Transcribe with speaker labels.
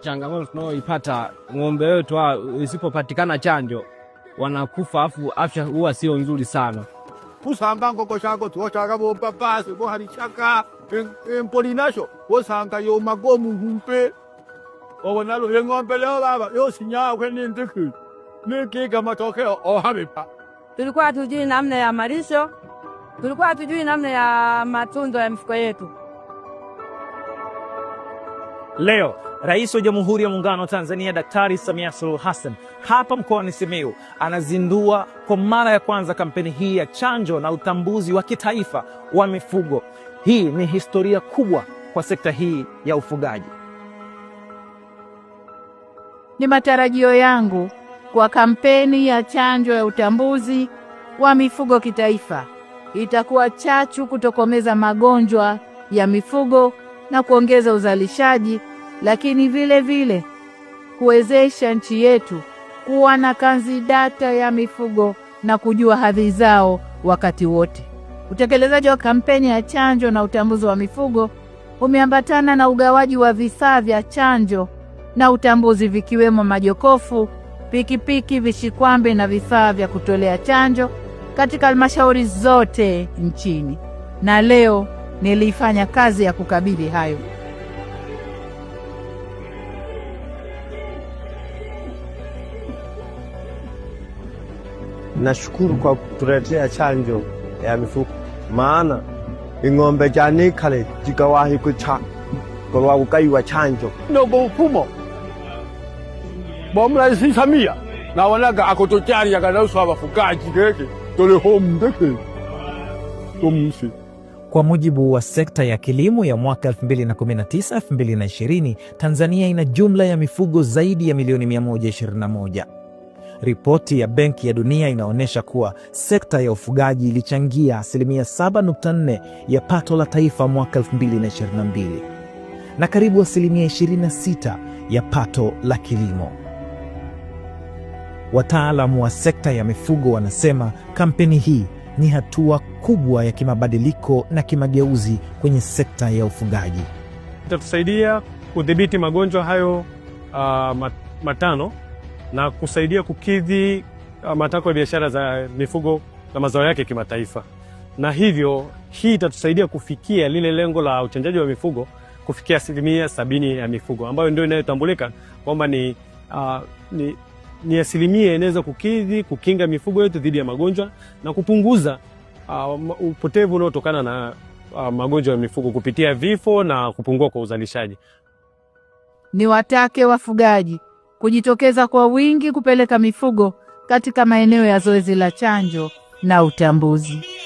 Speaker 1: Changamoto tunayoipata ng'ombe wetu isipopatikana chanjo wanakufa, afu afya huwa sio nzuri sana.
Speaker 2: kusamba ngoko shako tuochaka bomba pasi bohalichaka empoli nasho wosanga yomagomu humpe obonalo eng'ombe leo baba yosinyakwe ninzikili nikiga matokeo ohabipa
Speaker 3: tulikuwa tujui namna ya malisho, tulikuwa tujui namna ya matunzo ya mifuko yetu.
Speaker 4: Leo Rais wa Jamhuri ya Muungano wa Tanzania Daktari Samia Suluhu Hassan hapa mkoani Simiyu anazindua kwa mara ya kwanza kampeni hii ya chanjo na utambuzi wa kitaifa wa mifugo. Hii ni historia kubwa kwa sekta hii ya ufugaji.
Speaker 5: Ni matarajio yangu kwa kampeni ya chanjo ya utambuzi wa mifugo kitaifa itakuwa chachu kutokomeza magonjwa ya mifugo na kuongeza uzalishaji lakini vile vile kuwezesha nchi yetu kuwa na kanzi data ya mifugo na kujua hadhi zao wakati wote. Utekelezaji wa kampeni ya chanjo na utambuzi wa mifugo umeambatana na ugawaji wa vifaa vya chanjo na utambuzi vikiwemo majokofu, pikipiki, vishikwambi na vifaa vya kutolea chanjo katika halmashauri zote nchini. Na leo nilifanya kazi ya kukabidhi hayo.
Speaker 6: Nashukuru kwa kutuletea chanjo ya mifugo, maana ing'ombe janikale jikawahi kucha kolwa kukaiwa chanjo
Speaker 2: nogo ufumo bomulaisi Samia nawonaga akutujaliaga nausu abafugaji keke tolihomndeke tumsi
Speaker 7: kwa mujibu wa sekta ya kilimo ya mwaka 2019-2020, Tanzania ina jumla ya mifugo zaidi ya milioni 121. Ripoti ya Benki ya Dunia inaonyesha kuwa sekta ya ufugaji ilichangia asilimia 7.4 ya pato la taifa mwaka 2022 na karibu asilimia 26 ya pato la kilimo. Wataalamu wa sekta ya mifugo wanasema kampeni hii ni hatua kubwa ya kimabadiliko na kimageuzi kwenye sekta ya ufugaji.
Speaker 8: Itatusaidia kudhibiti magonjwa hayo uh, matano na kusaidia kukidhi uh, matakwa ya biashara za mifugo na mazao yake kimataifa, na hivyo hii itatusaidia kufikia lile lengo la uchanjaji wa mifugo kufikia asilimia sabini ya mifugo ambayo ndio inayotambulika kwamba ni, uh, ni, ni asilimia inaweza kukidhi kukinga mifugo yetu dhidi ya magonjwa na kupunguza uh, upotevu unaotokana na uh, magonjwa ya mifugo kupitia vifo na kupungua kwa uzalishaji.
Speaker 5: ni watake wafugaji kujitokeza kwa wingi kupeleka mifugo katika maeneo ya zoezi la chanjo na utambuzi.